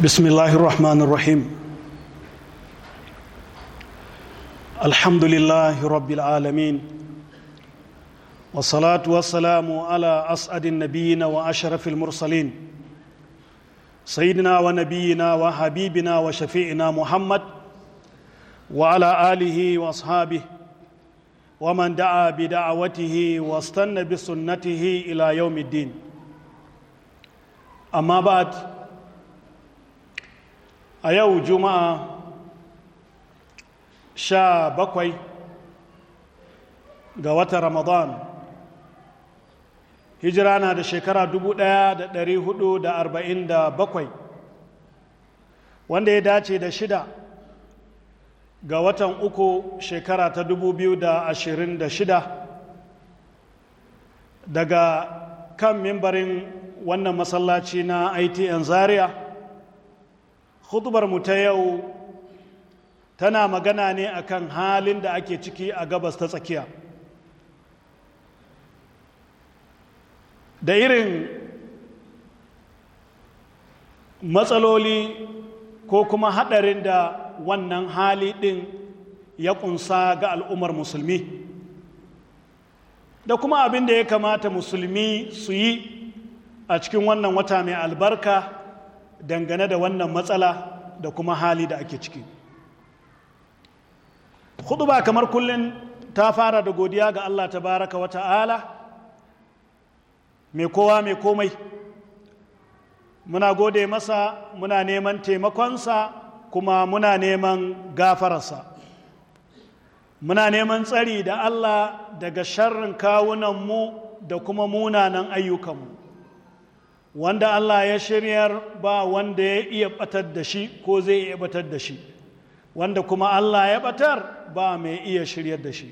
بسم الله الرحمن الرحيم الحمد لله رب العالمين والصلاة والسلام على أسعد النبيين وأشرف المرسلين سيدنا ونبينا وحبيبنا وشفيعنا محمد وعلى آله وأصحابه ومن دعا بدعوته واستنى بسنته إلى يوم الدين أما بعد a yau juma'a sha bakwai ga wata ramadan hijira na da shekara 1447 wanda ya dace da shida ga watan uku shekara ta 2026 daga kan mimbarin wannan masallaci na itn zaria mu ta yau tana magana ne akan halin da ake ciki a gabas ta tsakiya da irin matsaloli ko kuma haɗarin da wannan hali ɗin ya ƙunsa ga al'ummar musulmi da kuma abin da ya kamata musulmi su yi a cikin wannan wata mai albarka dangane da wannan matsala da kuma hali da ake ciki ba kamar kullum ta fara da godiya ga allah Ta wa ta'ala mai kowa mai komai muna gode masa muna neman taimakonsa kuma muna neman gafararsa muna neman tsari da allah daga sharrin kawunanmu da kuma munanan ayyukanmu wanda Allah ya shiryar ba wanda ya iya batar da shi ko zai iya batar da shi wanda kuma Allah ya batar ba mai iya shiryar da shi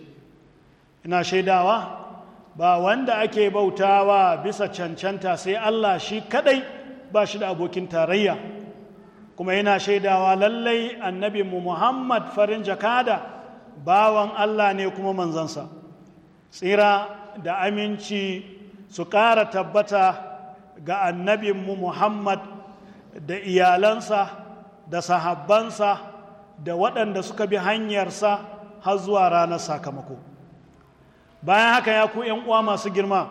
ina shaidawa ba wanda ake bautawa bisa cancanta sai Allah shi kadai ba shi da abokin tarayya kuma yana shaidawa lallai annabi mu Muhammad farin jakada bawan Allah ne kuma manzansa tsira da aminci su ƙara tabbata ga annabinmu muhammad da iyalansa da sahabbansa da waɗanda suka bi hanyarsa har zuwa ranar sakamako bayan haka ya ku uwa masu girma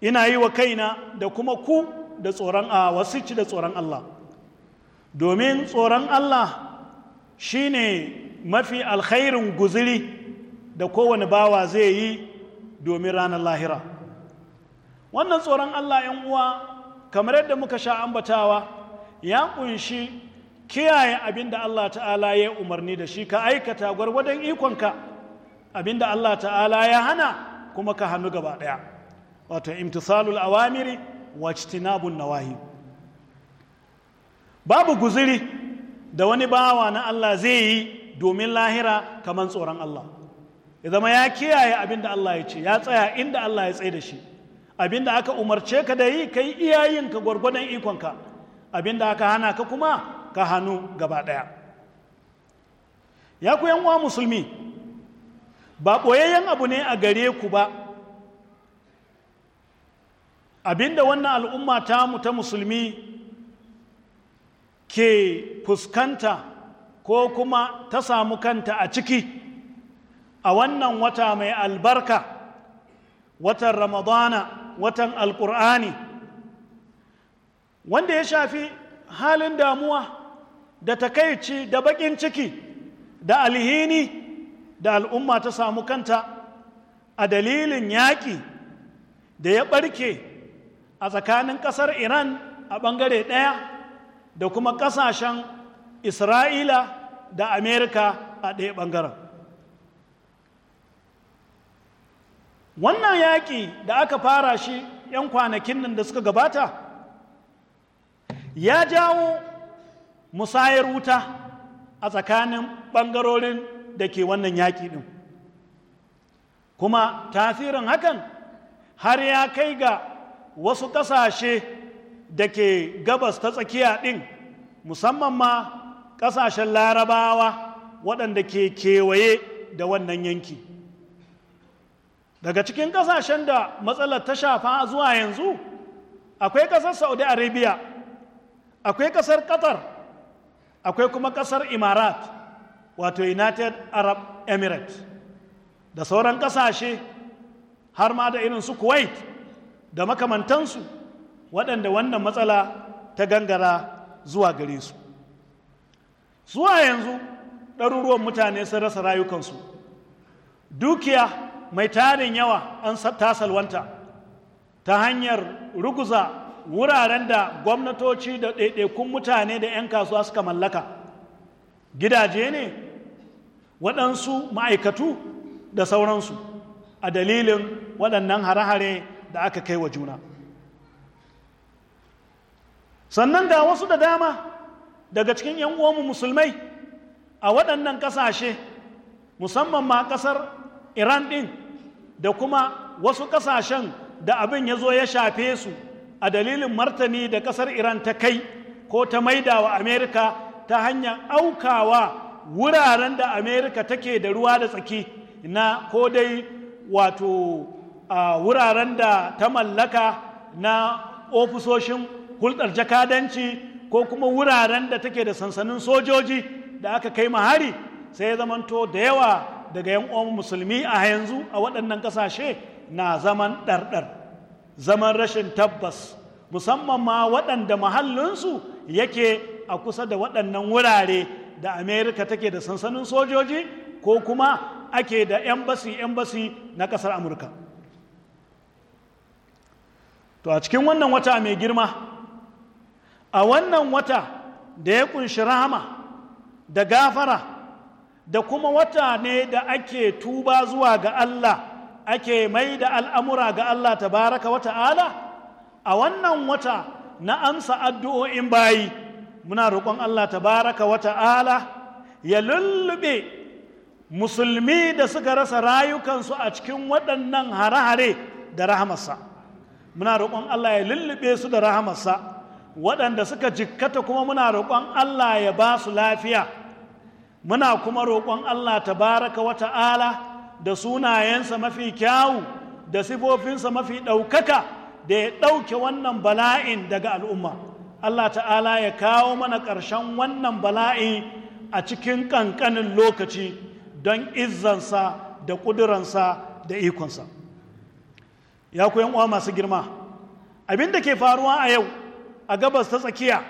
ina yi wa kaina da kuma ku da tsoron a ci da tsoron Allah domin tsoron Allah shine mafi alkhairin guziri da kowane bawa zai yi domin ranar lahira wannan tsoron Allah ‘yan uwa kamar yadda muka sha ambatawa ya ƙunshi kiyaye abin da Allah ta'ala ya umarni da shi ka aikata gwargwadon ikonka abin da Allah ta'ala ya hana kuma ka hannu gaba ɗaya wato imtisalul awamiri wa citinabun nawahi babu guziri da wani bawa na Allah zai yi domin lahira kamar tsoron Allah ya zama ya kiyaye abin da Allah ya ce ya tsaya inda Allah ya tsaye da shi abinda aka umarce ka da yi kai iyayen ka gwargwadon ikonka abinda aka hana ka kuma ka hannu gaba ɗaya ya ku yanwa musulmi ba ɓoyayyen abu ne a gare ku ba abinda wannan al'umma ta mu ta musulmi ke fuskanta ko kuma ta samu kanta a ciki a wannan wata mai albarka watan ramadana watan alkur'ani wanda ya shafi halin damuwa da takaici da baƙin ciki da alhini da al'umma ta samu kanta a dalilin yaƙi da ya ɓarke a tsakanin ƙasar iran a ɓangare ɗaya da kuma ƙasashen isra'ila da amerika a ɗaya ɓangaren wannan yaƙi da aka fara shi 'yan kwanakin nan da suka gabata ya jawo musayar wuta a tsakanin ɓangarorin da ke wannan yaƙi ɗin kuma tasirin hakan har ya kai ga wasu ƙasashe da ke gabas ta tsakiya ɗin musamman ma ƙasashen larabawa waɗanda ke kewaye da wannan yanki daga cikin kasashen da matsalar ta shafa zuwa yanzu akwai kasar saudi arabia akwai kasar qatar akwai kuma kasar imarat wato united arab emirates da sauran kasashe har ma da irin su kuwait da makamantansu waɗanda wannan matsala ta gangara zuwa gare su zuwa yanzu ɗaruruwan mutane sun rasa rayukansu dukiya mai tarin yawa an tasalwanta ta hanyar ruguza wuraren da gwamnatoci da ɗaiɗaikun mutane da 'yan kasuwa suka mallaka gidaje ne waɗansu ma'aikatu da sauransu a dalilin waɗannan hare-hare da aka kai wa juna sannan ga wasu da dama daga cikin 'yan uwanmu musulmai a waɗannan ƙasashe musamman ma ƙasar iran ɗin da kuma wasu ƙasashen da abin ya zo ya shafe su a dalilin martani da ƙasar iran ta kai ko ta maida wa amerika ta hanyar aukawa wuraren da amerika take da ruwa da tsaki na ko dai wato a wuraren da ta mallaka na ofisoshin hulɗar jakadanci ko kuma wuraren da take da sansanin sojoji da aka kai mahari sai ya zamanto da yawa daga yan uwan musulmi a yanzu a waɗannan ƙasashe na zaman ɗarɗar zaman rashin tabbas musamman ma waɗanda mahallinsu yake a kusa da waɗannan wurare da amerika take da sansanin sojoji ko kuma ake da embassy-embassy na ƙasar amurka to a cikin wannan wata mai girma a wannan wata da ya ƙunshi rahama da gafara da kuma wata ne da ake tuba zuwa ga Allah ake mai da al'amura ga Allah baraka wata ala a wannan wata na amsa addu'o'in bayi muna roƙon Allah baraka wata ala ya lullube musulmi da suka rasa rayukansu a cikin waɗannan hare-hare da rahamarsa muna roƙon Allah ya lullube su da rahamarsa waɗanda suka jikkata kuma muna roƙon Allah ya ba su lafiya muna kuma roƙon Allah ta baraka wa ta'ala da sunayensa mafi kyawu da sifofinsa mafi ɗaukaka da ya ɗauke wannan bala'in daga al'umma Allah ta'ala ya kawo mana ƙarshen wannan bala'i a cikin ƙanƙanin lokaci don izzansa da ƙuduransa da ikonsa ya ku uwa masu girma abin da ke faruwa a yau a gabas ta tsakiya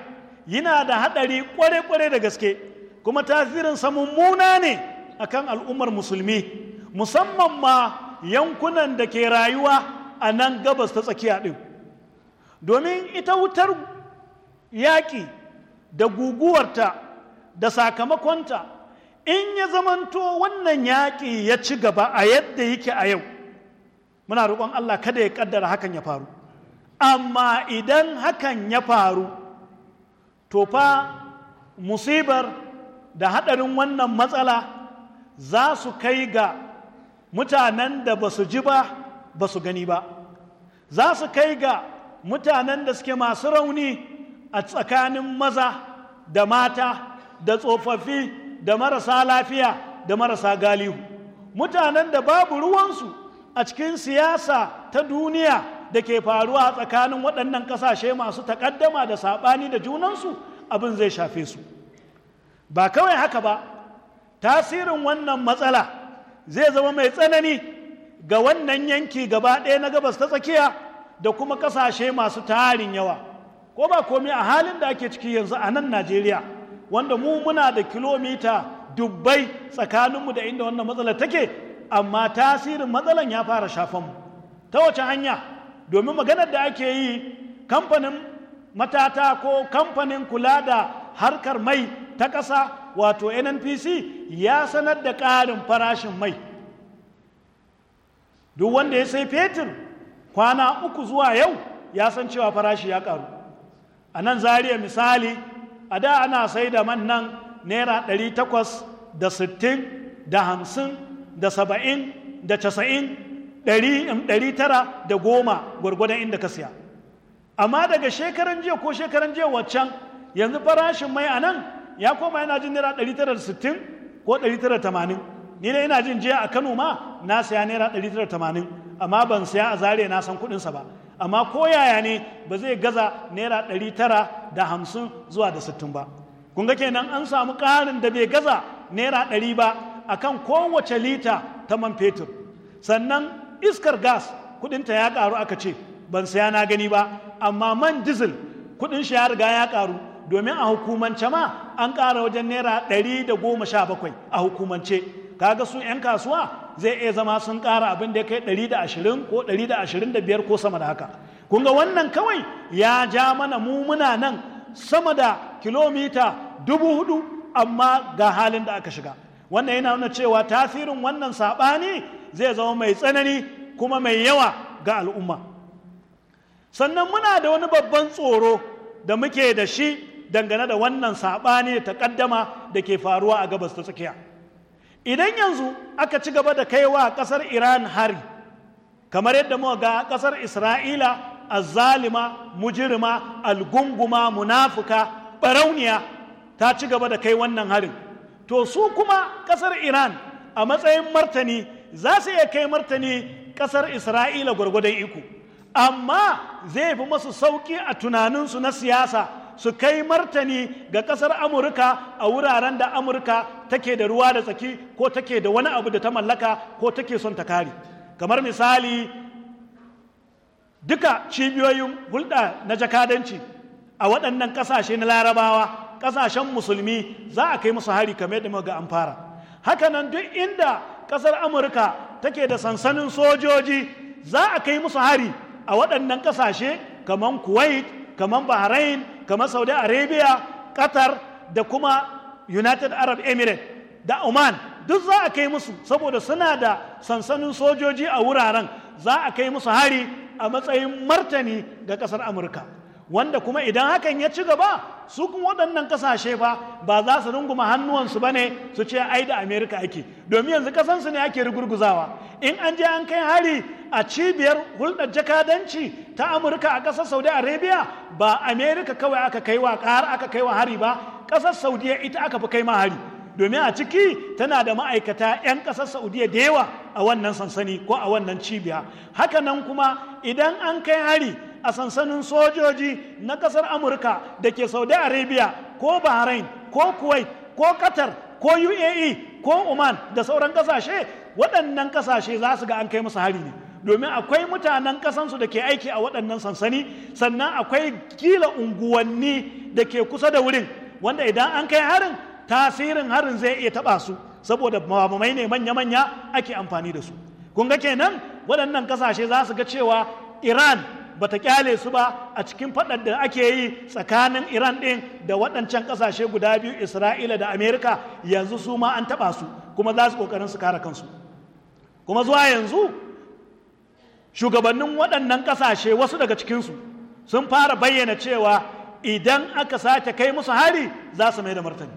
yana da haɗari ƙware-ƙware da gaske kuma tasirin tasirinsa mummuna ne akan al'ummar musulmi musamman ma yankunan da ke rayuwa a nan gabas ta tsakiya ɗin domin ita wutar yaƙi da guguwarta da sakamakonta in ya zamanto wannan yaƙi ya ci gaba a yadda yake a yau muna roƙon Allah kada ya ƙaddara hakan ya faru amma idan hakan ya faru to fa musibar da haɗarin wannan matsala za su kai ga mutanen da ba su ji ba ba su gani ba za su kai ga mutanen da suke masu rauni a tsakanin maza da mata da tsofaffi da marasa lafiya da marasa galihu mutanen da babu ruwansu a cikin siyasa ta duniya da ke faruwa a tsakanin waɗannan ƙasashe masu taƙaddama da saɓani da junansu abin zai shafe su. ba kawai haka ba tasirin wannan matsala zai zama mai tsanani ga wannan yanki gaba ɗaya na gabas ta tsakiya da kuma ƙasashe masu tarin yawa ko ba komai a halin da ake ciki yanzu a nan najeriya wanda mu muna da kilomita dubbai tsakaninmu da inda wannan matsalar take amma tasirin matsalan ya fara mu ta wace hanya domin maganar da ake yi kamfanin matata ko kamfanin kula da harkar mai ta ƙasa wato nnpc ya sanar da ƙarin farashin mai duk wanda ya sai fetur kwana uku zuwa yau ya san cewa farashi ya ƙaru a nan zariya misali a da ana sai da man nan naira 860 da da 50 da 70 da 90 tara da goma gwargwadon inda ka siya amma daga shekaran jiya ko shekaran jiya waccan yanzu farashin mai a nan ya koma yana jin naira 960 ko 980 ni dai ina jin jiya a kano ma na saya naira 980 amma ban saya a zare na san kudinsa ba amma ko yaya ne ba zai gaza naira 950 zuwa da 60 ba kun ga kenan an samu ƙarin da bai gaza naira 100 ba akan kowace lita ta man fetur sannan iskar gas kudinta ya karu aka ce ban saya na gani ba amma man diesel kudin shi ya riga ya karu domin a hukumance ma an ƙara wajen naira ɗari da goma sha bakwai a hukumance kaga su 'yan kasuwa zai iya zama sun ƙara abin da ya kai ɗari da ashirin ko ɗari ko sama da haka kun ga wannan kawai ya ja mana mu muna nan sama da kilomita dubu hudu amma ga halin da aka shiga wannan yana nuna cewa tasirin wannan saɓani zai zama mai tsanani kuma mai yawa ga al'umma sannan muna da wani babban tsoro da muke da shi dangane da wannan saɓani ta ƙaddama da ke faruwa a gabas ta tsakiya idan yanzu aka ci gaba da kaiwa ƙasar iran hari kamar yadda muka ga ƙasar isra'ila zalima, mujirima, algunguma munafuka barauniya ta ci gaba da kai wannan harin to su kuma ƙasar iran a matsayin martani za su iya kai martani ƙasar isra'ila gwargwadon iko amma zai fi masu sauƙi a tunaninsu na siyasa su kai martani ga ƙasar amurka a wuraren da amurka take da ruwa da tsaki ko take da wani abu da ta mallaka ko take son ta kare kamar misali duka cibiyoyin hulɗa na jakadanci a waɗannan ƙasashe na larabawa ƙasashen musulmi za a kai musu hari kamar yadda muka an fara hakanan duk inda ƙasar amurka take da sansanin sojoji za a kai musu hari a waɗannan ƙasashe kamar kuwait kamar bahrain kamar saudi arabia qatar da kuma united arab emirates da oman duk za a kai musu saboda suna da sansanin sojoji a wuraren za a kai musu hari a matsayin martani ga kasar amurka wanda kuma idan hakan ya ci gaba su kuma waɗannan ƙasashe ba ba za su runguma hannuwansu ba ne su ce ai da amerika ake domin yanzu ƙasansu ne ake rigurguzawa in an je an kai hari a cibiyar hulɗar jakadanci ta amurka a ƙasar saudi arabia ba amerika kawai aka kai wa aka kai wa hari ba ƙasar saudiya ita aka fi kai ma hari domin a ciki tana da ma'aikata 'yan ƙasar saudiya da yawa a wannan sansani ko a wannan cibiya hakanan kuma idan an kai hari a sansanin sojoji na ƙasar amurka da ke saudi arabia ko bahrain ko kuwait ko qatar ko uae ko oman da sauran ƙasashe waɗannan ƙasashe za su ga an kai musu hari ne domin akwai mutanen kasansu da ke aiki a waɗannan sansani sannan akwai kila unguwanni da ke kusa da wurin wanda idan an kai harin tasirin harin zai iya taɓa su saboda mamamai ne manya-manya ake amfani da su kun ga kenan waɗannan ƙasashe za su ga cewa iran Ba ta kyale su ba a cikin faɗan da ake yi tsakanin iran ɗin da waɗancan ƙasashe guda biyu isra'ila da amerika yanzu su ma an taɓa su kuma za su ƙoƙarin su kare kansu kuma zuwa yanzu shugabannin waɗannan ƙasashe wasu daga cikinsu sun fara bayyana cewa idan aka sake kai musu hari za su mai da martani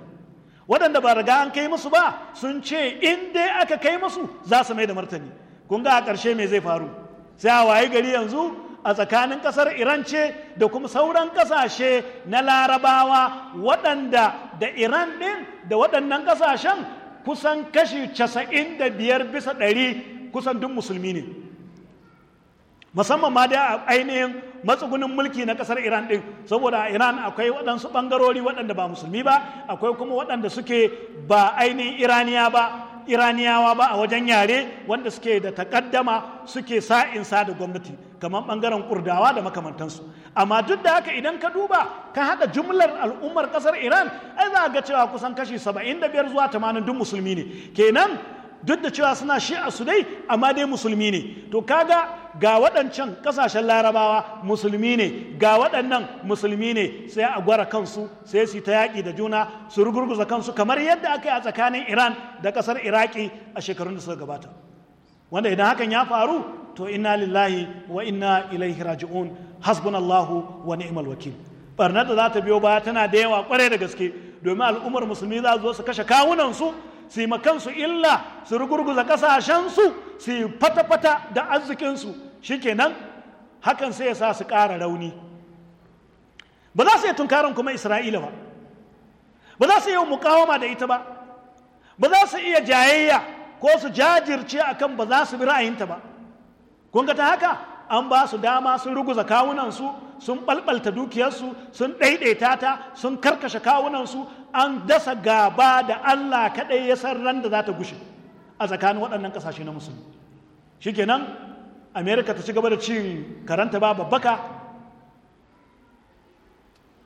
waɗanda ba riga an kai musu ba sun ce in dai aka kai musu za su mai da martani kun ga a ƙarshe me zai faru sai a waye gari yanzu a tsakanin ƙasar iran ce da kuma sauran ƙasashe na larabawa waɗanda da iran ɗin da waɗannan kasashen kusan kashi casa'in da biyar bisa ɗari kusan duk musulmi ne musamman ma da ainihin matsugunin mulki na kasar iran ɗin saboda a iran akwai waɗansu ɓangarori waɗanda ba musulmi ba akwai kuma waɗanda suke ba ainihin iraniya ba iraniyawa ba a wajen yare wanda suke da takaddama suke sa da gwamnati kamar bangaren kurdawa da makamantansu amma duk da haka idan ka duba ka hada jumlar al'ummar kasar iran ai za ga cewa kusan kashi 75 zuwa 80 duk musulmi ne kenan duk da cewa suna shi'a su dai amma dai musulmi ne to kaga ga waɗancan ƙasashen larabawa musulmi ne ga waɗannan musulmi ne sai a gwara kansu sai su yi ta yaƙi da juna su rugurguza kansu kamar yadda aka yi a tsakanin iran da ƙasar iraki a shekarun da suka gabata wanda idan hakan ya faru to inna lillahi wa inna ilaihi raji'un hasbunallahu wa ni'mal wakil barnar da za ta biyo baya tana da yawa kwarai da gaske domin al'ummar musulmi za su zo su kashe kawunansu su yi makansu illa su rugurguza ƙasashensu su yi fata-fata da arzikinsu shi shikenan hakan sai ya sa su ƙara rauni ba za su yi tunkarin kuma isra'ila ba ba za su yi mukawama da ita ba ba za su iya jayayya ko su jajirce a kan ba za su bi ra'ayinta ba kun ta haka an ba su dama sun ruguza kawunansu sun ɓalɓalta dukiyarsu sun ɗaiɗaita ta sun karkashe kawunansu an dasa gaba da Allah kaɗai ya san ran da za ta gushe a tsakanin waɗannan ƙasashe na musulmi shikenan amerika ta ci gaba da cin karanta ba babbaka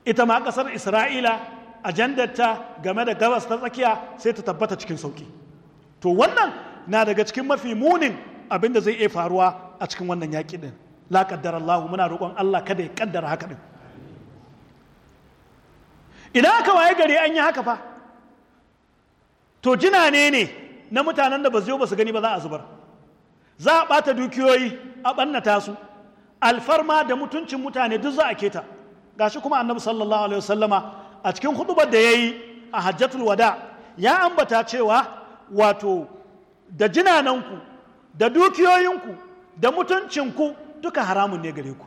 ita ma ƙasar isra'ila ajandarta game da gabas ta tsakiya sai ta tabbata cikin sauƙi to wannan na daga cikin mafi munin abin da zai iya faruwa a cikin wannan yaƙi ɗin la ƙaddar Allah muna roƙon Allah kada ya ƙaddara haka ɗin Ina aka waye gari an yi haka fa to jina ne ne na mutanen da ba su ba su gani ba za a zubar za a ɓata dukiyoyi a ɓannata su alfarma da mutuncin mutane duk za a keta gashi kuma annabi sallallahu alaihi wasallama a cikin hudubar da yayi a hajjatul wada ya ambata cewa wato da jinananku da dukiyoyinku da mutuncinku duka haramun ne gare ku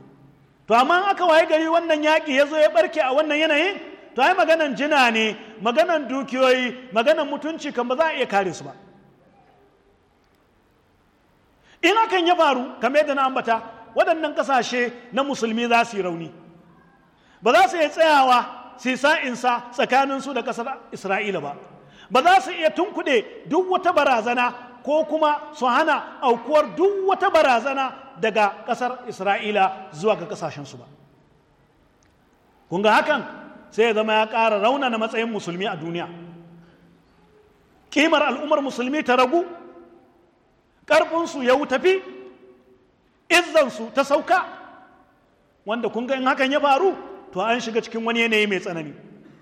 to amma aka waye gari wannan yaki ya zo ya barke a wannan yanayin to ai maganan jina ne maganan dukiyoyi maganan mutunci kan ba za a iya kare su ba in hakan ya faru kamar da na ambata waɗannan ƙasashe na musulmi za su yi rauni ba za su iya tsayawa su yi tsakanin su da ƙasar isra'ila ba ba za su iya tunkuɗe duk wata barazana ko kuma su hana aukuwar duk wata barazana daga ƙasar isra'ila zuwa ga ƙasashensu ba kun ga hakan sai ya zama ya ƙara na matsayin musulmi a duniya ƙimar al'ummar musulmi ta ragu ƙarfinsu ya tafi izzansu ta sauka wanda kun ga in hakan ya faru to an shiga cikin wani yanayi mai tsanani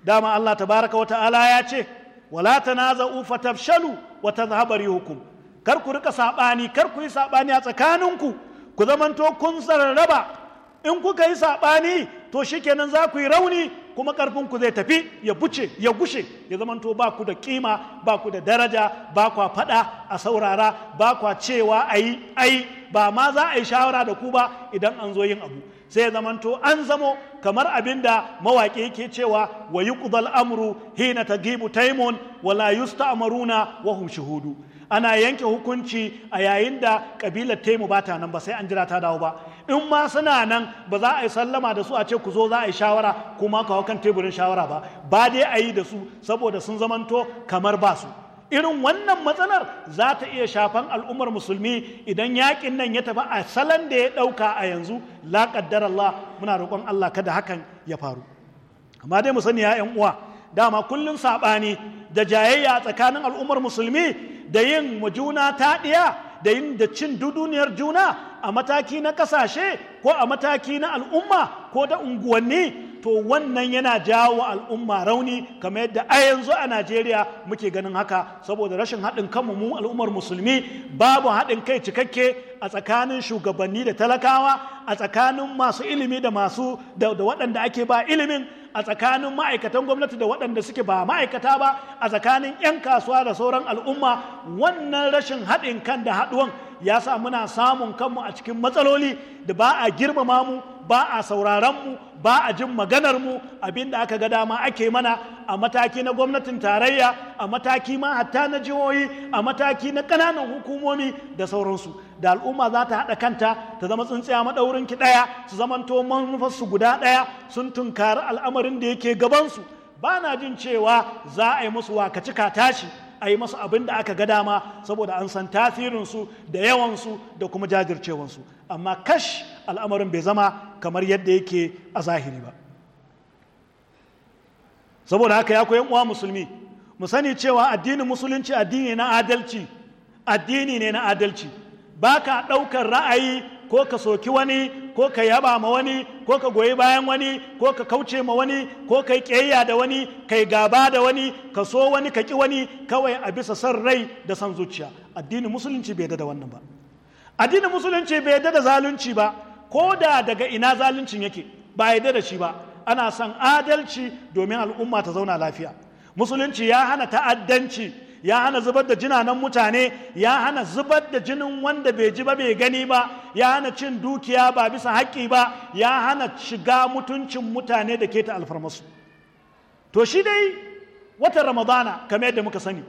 dama Allah Ta baraka wata Ala ya ce wala ta na tanaza'u shalu wata tadhhabu hukum. kar ku rika saɓani kar ku yi saɓani a tsakaninku ku zamanto kun tsararraba. in kuka yi saɓani to shi shikenan za ku yi rauni kuma karfin ku zai tafi ya buce ya gushe ya zamanto ba ku da kima ba ku da daraja ba kwa faɗa a saurara ba kwa cewa ayi ayi ba ma za a yi shawara da ku ba idan an zo yin abu sai ya zamanto an zamo kamar abin da mawaƙi yake cewa wa yuqdal amru hina tagibu taimun wala yusta'maruna wa hum shuhudu ana yanke hukunci a yayin da kabilar taimu ba ta nan ba sai an jira ta dawo ba in ma suna nan ba za a yi sallama da su a ce ku zo za a yi shawara kuma ka hau kan teburin shawara ba ba dai a yi da su saboda sun zamanto kamar ba su irin wannan matsalar za ta iya shafan al'ummar musulmi idan yaƙin nan ya tafi a salon da ya ɗauka a yanzu la ƙaddar Allah muna roƙon Allah kada hakan ya faru amma dai mu sani ya uwa dama kullum saɓani da jayayya tsakanin al'ummar musulmi da yin juna ta da yin da cin duduniyar juna a mataki na kasashe ko a mataki na al'umma ko da unguwanni to wannan yana jawo al'umma rauni kamar yadda a yanzu a najeriya muke ganin haka saboda rashin haɗin kanmu mu al'ummar musulmi babu haɗin kai cikakke a tsakanin shugabanni da talakawa a tsakanin masu ilimi da masu da waɗanda ake ba ilimin a tsakanin ma'aikatan gwamnati da waɗanda suke ba ma'aikata ba a tsakanin 'yan kasuwa da sauran al'umma wannan rashin haɗin kan da haɗuwan ya sa muna samun kanmu a cikin matsaloli da ba a girmama mu ba a sauraron mu ba a jin maganar mu abinda aka ga dama ake mana a mataki na gwamnatin tarayya a mataki ma hatta na jihohi a mataki na ƙananan hukumomi da sauransu da al'umma za ta haɗa kanta ta zama tsuntsiya maɗaurin ki ɗaya su zamanto manufarsu guda ɗaya sun tunkari al'amarin da yake gabansu ba na jin cewa za a yi musu wakaci ka tashi a yi masu abin da aka ga dama saboda an san tasirinsu da yawansu da kuma jajircewansu amma kash al'amarin bai zama kamar yadda yake a zahiri ba saboda haka ya koyan uwa musulmi mu sani cewa addinin musulunci addini na adalci addini ne na adalci ba ka ɗaukar ra'ayi ko ka soki wani ko ka yaba ma wani ko ka goyi bayan wani ko ka kauce ma wani ko ka yi ƙiyayya da wani ka yi gaba da wani ka so wani ka ƙi wani kawai a bisa san rai da san zuciya addinin musulunci bai da wannan ba addinin musulunci bai da zalunci ba ko da daga ina zaluncin yake ba ya da shi ba ana son adalci domin al'umma ta zauna lafiya musulunci ya hana ta'addanci ya hana zubar da jinanan mutane ya hana zubar da jinin wanda bai ji ba bai gani ba ya hana cin dukiya ba bisa haƙƙi ba ya hana shiga mutuncin mutane da keta alfarmasu to shi dai watan ramadana kamar yadda muka sani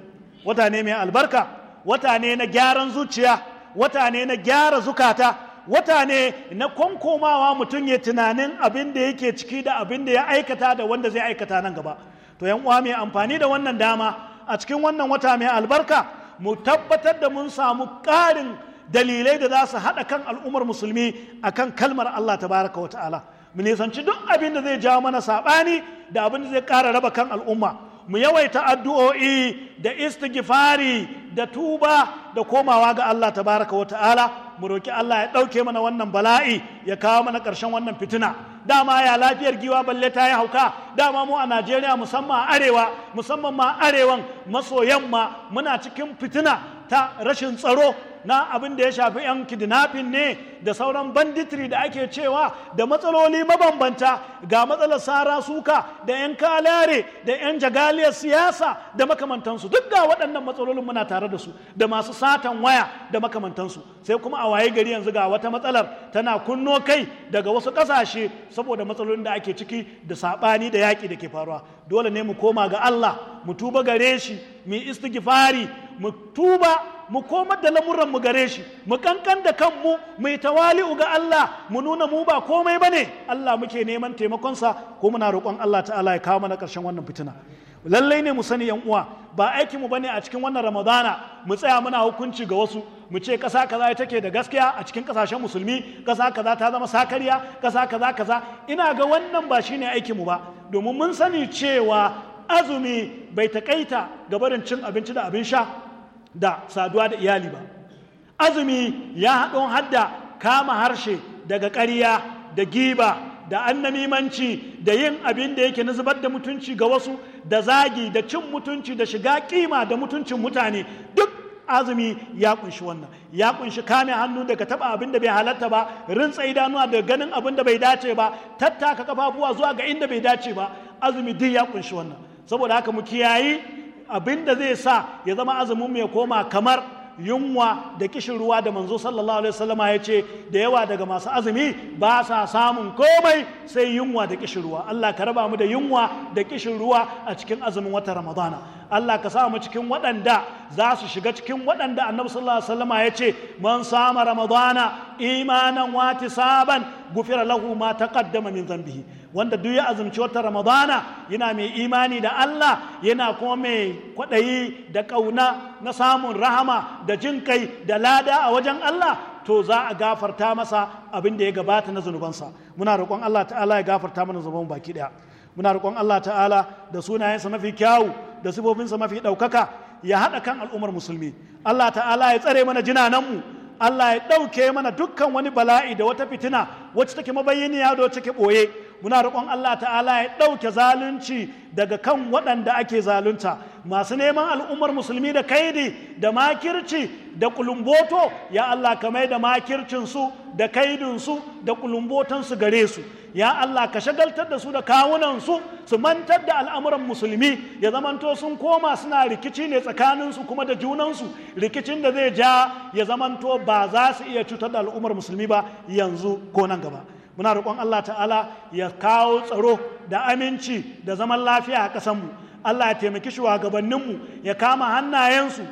wata ne mai albarka wata ne na gyaran zuciya wata ne na gyara zukata wata ne na kwankomawa mutum ya tunanin abin da yake ciki da abin da ya aikata da wanda zai aikata nan gaba to yan uwa mai amfani da wannan dama a cikin wannan wata mai albarka mu tabbatar da mun samu ƙarin dalilai da za su haɗa kan al'ummar musulmi akan kalmar Allah tabaraka wa ta'ala mu nisanci duk abin da zai jawo mana saɓani da abin da zai ƙara raba kan al'umma mu yawaita addu'o'i da istighfari da tuba da komawa ga Allah tabaraka wa ta'ala mu roki Allah ya ɗauke mana wannan bala'i ya kawo mana ƙarshen wannan fitina dama ya lafiyar giwa balle ta yi hauka dama mu a Najeriya musamman a arewa musamman ma arewan maso yamma muna cikin fitina ta rashin tsaro na abin da ya shafi 'yan kidnapping ne da sauran banditry da ake cewa da matsaloli mabambanta ga matsalar sara suka da 'yan kalare da 'yan jagaliyar siyasa da makamantansu duk ga waɗannan matsalolin muna tare da su da masu satan waya da makamantansu sai kuma a waye gari yanzu ga wata matsalar tana kunno kai daga wasu ƙasashe saboda matsalolin da ake ciki da saɓani da yaƙi da ke faruwa dole ne mu koma ga Allah mu tuba gare shi mu istighfari mu tuba mu komar da lamuran mu gare shi mu kankan da kanmu mai tawali'u ga Allah mu nuna mu ba komai ba ne. Allah muke neman taimakonsa ko muna roƙon Allah ta'ala ya kawo mana ƙarshen wannan fitina lallai ne mu sani yan uwa ba mu bane a cikin wannan ramadana mu tsaya muna hukunci ga wasu mu ce ƙasa kaza take da gaskiya a cikin ƙasashen musulmi ƙasa kaza ta zama sakariya kasa kaza kaza ina ga wannan ba shine mu ba domin mun sani cewa azumi bai taƙaita ga barin cin abinci da abin sha da saduwa da iyali ba azumi ya haɗon hadda kama harshe daga ƙarya da giba da annamimanci da yin abin da yake na zubar da mutunci ga wasu da zagi da cin mutunci da shiga kima da mutuncin mutane duk azumi ya kunshi wannan ya kunshi kame hannu daga taba abin da bai halatta ba rintsa idanuwa daga ganin abin da bai dace ba tattaka kafafuwa zuwa ga inda bai dace ba azumi duk ya kunshi wannan saboda haka mu kiyayi Abin da zai sa ya zama azumin mu ya koma kamar yunwa da kishin ruwa da manzo sallallahu alaihi wasallama ya ce da yawa daga masu azumi ba sa samun komai sai yunwa da kishin ruwa Allah ka raba mu da yunwa da kishin ruwa a cikin azumin watan Ramadana Allah ka sa mu cikin waɗanda za su shiga cikin waɗanda Annabi sallallahu alaihi wasallama ya ce man sama Ramadana imanan sabon gufira lahu ma taqaddama min dhanbihi wanda duk ya azumci wata ramadana yana mai imani da Allah yana kuma mai kwaɗayi da ƙauna na samun rahama da jin kai da lada a wajen Allah to za a gafarta masa abin da ya gabata na zunubansa muna roƙon Allah ta'ala ya gafarta mana zunuban baki ɗaya muna roƙon Allah ta'ala da sunayensa mafi kyawu da sifofinsa mafi ɗaukaka ya haɗa kan al'ummar musulmi Allah ta'ala ya tsare mana jinananmu Allah ya ɗauke mana dukkan wani bala'i da wata fitina wacce take mabayyaniya da wacce take ɓoye muna roƙon Allah ta'ala ya ɗauke zalunci daga kan waɗanda ake zalunta masu neman al'ummar musulmi da kaidi da makirci da kulumboto ya Allah ka mai da makircinsu da kaidinsu da kulumbotansu gare su ya Allah ka shagaltar da su da kawunansu su mantar da al'amuran musulmi ya zamanto sun koma suna rikici ne tsakaninsu kuma da junansu rikicin da zai ja ya zamanto ba za su iya cutar da al'ummar musulmi ba yanzu ko nan gaba muna roƙon Allah ta'ala ya kawo tsaro da aminci da zaman lafiya a ƙasanmu Allah ya taimaki shugabanninmu ya kama hannayensu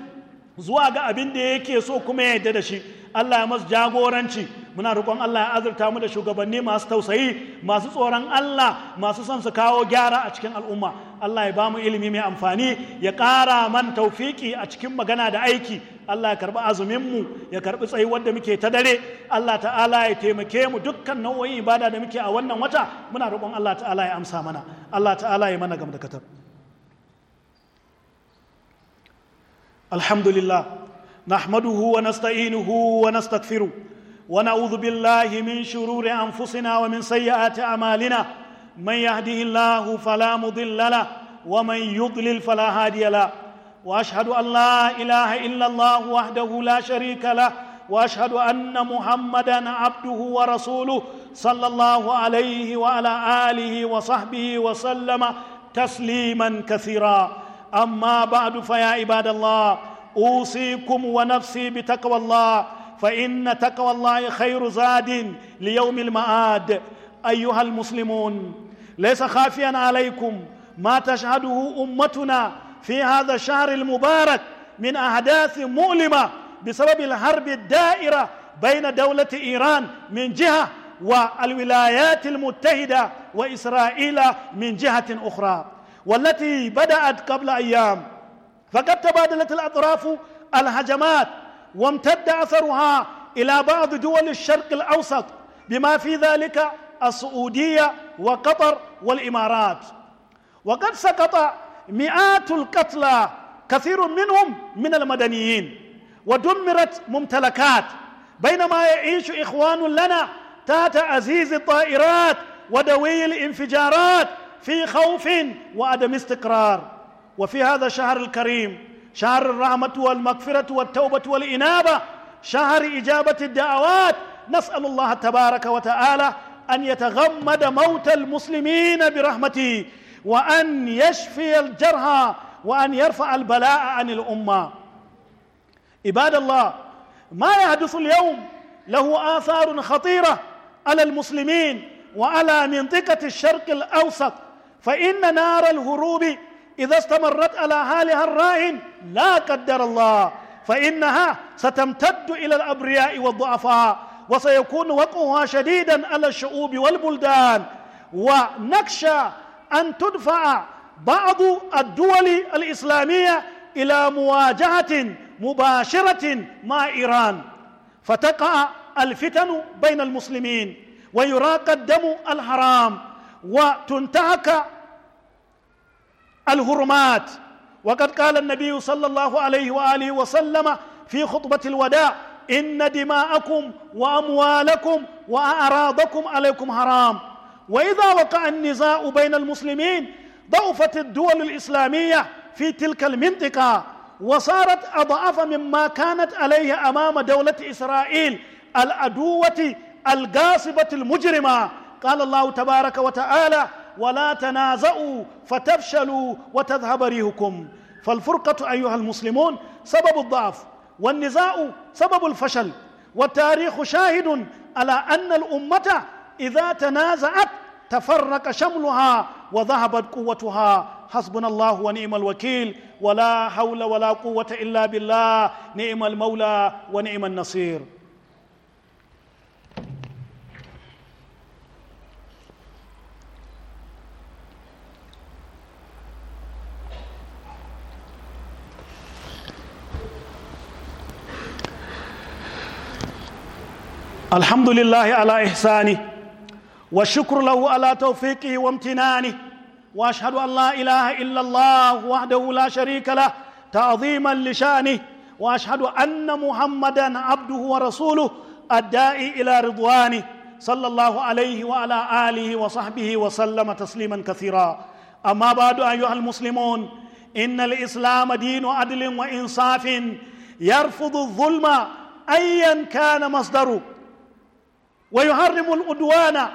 zuwa ga abin da yake so kuma ya yadda da shi Allah ya masu jagoranci muna rikon Allah ya azurta mu da shugabanni masu tausayi masu tsoron Allah masu son su kawo gyara a cikin al'umma Allah ya ba mu ilimi mai amfani ya ƙara man taufiki a cikin magana da aiki Allah ya karɓi azumin mu ya karɓi tsayi wanda muke ta dare Allah ta'ala ya taimake mu dukkan nau'o'in ibada da muke a wannan wata muna roƙon Allah ta'ala ya amsa mana Allah ta'ala ya mana katar alhamdulillah nasta'inuhu wa nastaghfiruh ونعوذ بالله من شرور انفسنا ومن سيئات اعمالنا من يهده الله فلا مضل له ومن يضلل فلا هادي له واشهد ان لا اله الا الله وحده لا شريك له واشهد ان محمدا عبده ورسوله صلى الله عليه وعلى اله وصحبه وسلم تسليما كثيرا اما بعد فيا عباد الله اوصيكم ونفسي بتقوى الله فان تقوى الله خير زاد ليوم المآد ايها المسلمون ليس خافيا عليكم ما تشهده امتنا في هذا الشهر المبارك من احداث مؤلمه بسبب الحرب الدائره بين دوله ايران من جهه والولايات المتحده واسرائيل من جهه اخرى والتي بدات قبل ايام فقد تبادلت الاطراف الهجمات وامتد اثرها الى بعض دول الشرق الاوسط بما في ذلك السعوديه وقطر والامارات وقد سقط مئات القتلى كثير منهم من المدنيين ودمرت ممتلكات بينما يعيش اخوان لنا تحت عزيز الطائرات ودوي الانفجارات في خوف وعدم استقرار وفي هذا الشهر الكريم شهر الرحمة والمغفرة والتوبة والإنابة شهر إجابة الدعوات نسأل الله تبارك وتعالى أن يتغمد موت المسلمين برحمته وأن يشفي الجرحى وأن يرفع البلاء عن الأمة عباد الله ما يحدث اليوم له آثار خطيرة على المسلمين وعلى منطقة الشرق الأوسط فإن نار الهروب إذا استمرت على حالها الراهن لا قدر الله فإنها ستمتد إلى الأبرياء والضعفاء وسيكون وقعها شديدا على الشعوب والبلدان ونخشى أن تدفع بعض الدول الإسلامية إلى مواجهة مباشرة مع إيران فتقع الفتن بين المسلمين ويراق الدم الحرام وتنتهك الهرمات وقد قال النبي صلى الله عليه واله وسلم في خطبه الوداع ان دماءكم واموالكم واعراضكم عليكم حرام واذا وقع النزاع بين المسلمين ضعفت الدول الاسلاميه في تلك المنطقه وصارت اضعف مما كانت عليه امام دوله اسرائيل العدوه القاصبه المجرمه قال الله تبارك وتعالى ولا تنازعوا فتفشلوا وتذهب ريحكم فالفرقة أيها المسلمون سبب الضعف والنزاع سبب الفشل والتاريخ شاهد على أن الأمة إذا تنازعت تفرق شملها وذهبت قوتها حسبنا الله ونعم الوكيل ولا حول ولا قوة إلا بالله نعم المولى ونعم النصير الحمد لله على إحسانه والشكر له على توفيقه وامتنانه وأشهد أن لا إله إلا الله وحده لا شريك له تعظيما لشانه وأشهد أن محمدا عبده ورسوله الداعي إلى رضوانه صلى الله عليه وعلى آله وصحبه وسلم تسليما كثيرا أما بعد أيها المسلمون إن الإسلام دين عدل وإنصاف يرفض الظلم أيا كان مصدره ويحرم العدوان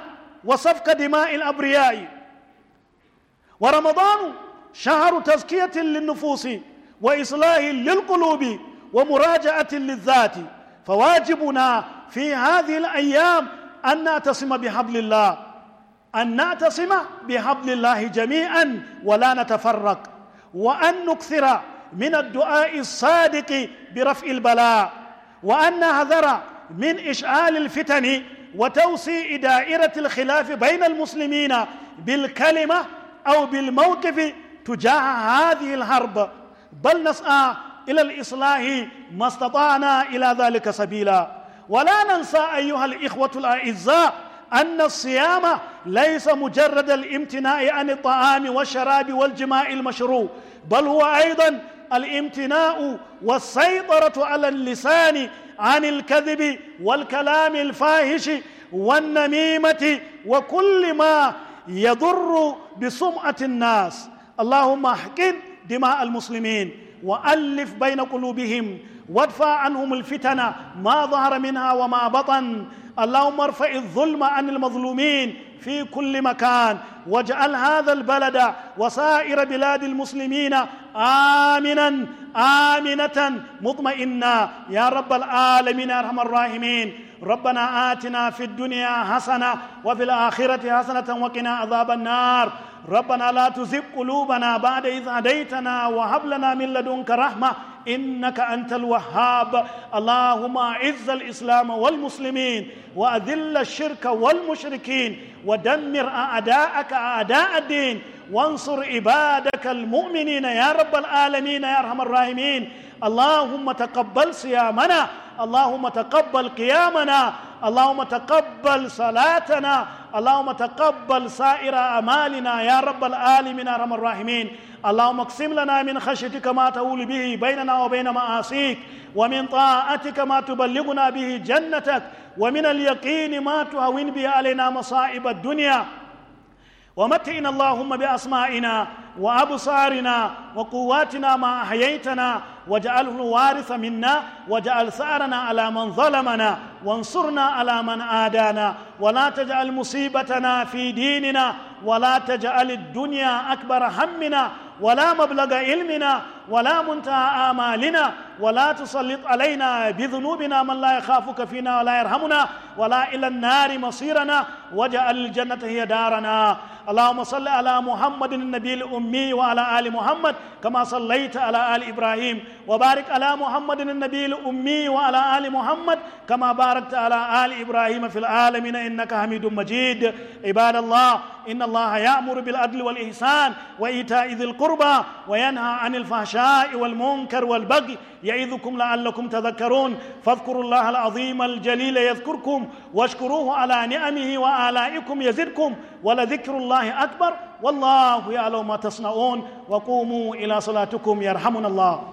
وسفك دماء الابرياء ورمضان شهر تزكيه للنفوس واصلاح للقلوب ومراجعه للذات فواجبنا في هذه الايام ان نعتصم بحبل الله ان نعتصم بحبل الله جميعا ولا نتفرق وان نكثر من الدعاء الصادق برفع البلاء وان نحذر من اشعال الفتن وتوصي دائرة الخلاف بين المسلمين بالكلمة أو بالموقف تجاه هذه الحرب بل نسعى إلى الإصلاح ما استطعنا إلى ذلك سبيلا ولا ننسى أيها الإخوة الأعزاء أن الصيام ليس مجرد الامتناء عن الطعام والشراب والجماع المشروع بل هو أيضا الامتناء والسيطرة على اللسان عن الكذب والكلام الفاحش والنميمة وكل ما يضر بسمعة الناس اللهم احقن دماء المسلمين وألف بين قلوبهم وادفع عنهم الفتن ما ظهر منها وما بطن اللهم ارفع الظلم عن المظلومين في كل مكان واجعل هذا البلد وسائر بلاد المسلمين امنا امنه مطمئنا يا رب العالمين يا ارحم الراحمين ربنا آتنا في الدنيا حسنة وفي الآخرة حسنة وقنا عذاب النار ربنا لا تزغ قلوبنا بعد إذ هديتنا وهب لنا من لدنك رحمة إنك أنت الوهاب اللهم أعز الإسلام والمسلمين وأذل الشرك والمشركين ودمر أعداءك أعداء الدين وانصر عبادك المؤمنين يا رب العالمين يا أرحم الراحمين اللهم تقبل صيامنا اللهم تقبل قيامنا اللهم تقبل صلاتنا اللهم تقبل سائر أعمالنا يا رب العالمين يا رب الراحمين اللهم اقسم لنا من خشيتك ما تول به بيننا وبين معاصيك ومن طاعتك ما تبلغنا به جنتك ومن اليقين ما تهون به علينا مصائب الدنيا ومتعنا اللهم بأسمائنا وأبصارنا وقواتنا ما أحييتنا واجعله وارث منا واجعل ثأرنا على من ظلمنا وانصرنا على من آدانا ولا تجعل مصيبتنا في ديننا ولا تجعل الدنيا أكبر همنا ولا مبلغ علمنا ولا منتهى آمالنا ولا تسلط علينا بذنوبنا من لا يخافك فينا ولا يرحمنا ولا إلى النار مصيرنا واجعل الجنة هي دارنا اللهم صل على محمد النبي الأمي وعلى آل محمد كما صليت على آل إبراهيم وبارك على محمد النبي الأمي وعلى آل محمد كما باركت على آل إبراهيم في العالمين إنك حميد مجيد عباد الله إن الله يأمر بالعدل والإحسان وإيتاء ذي القربى وينهى عن الفحشاء والمنكر والبغي يعظكم لعلكم تذكرون فاذكروا الله العظيم الجليل يذكركم واشكروه على نعمه وآلائكم يزدكم ولذكر الله أكبر والله يعلم ما تصنعون وقوموا إلى صلاتكم يرحمنا الله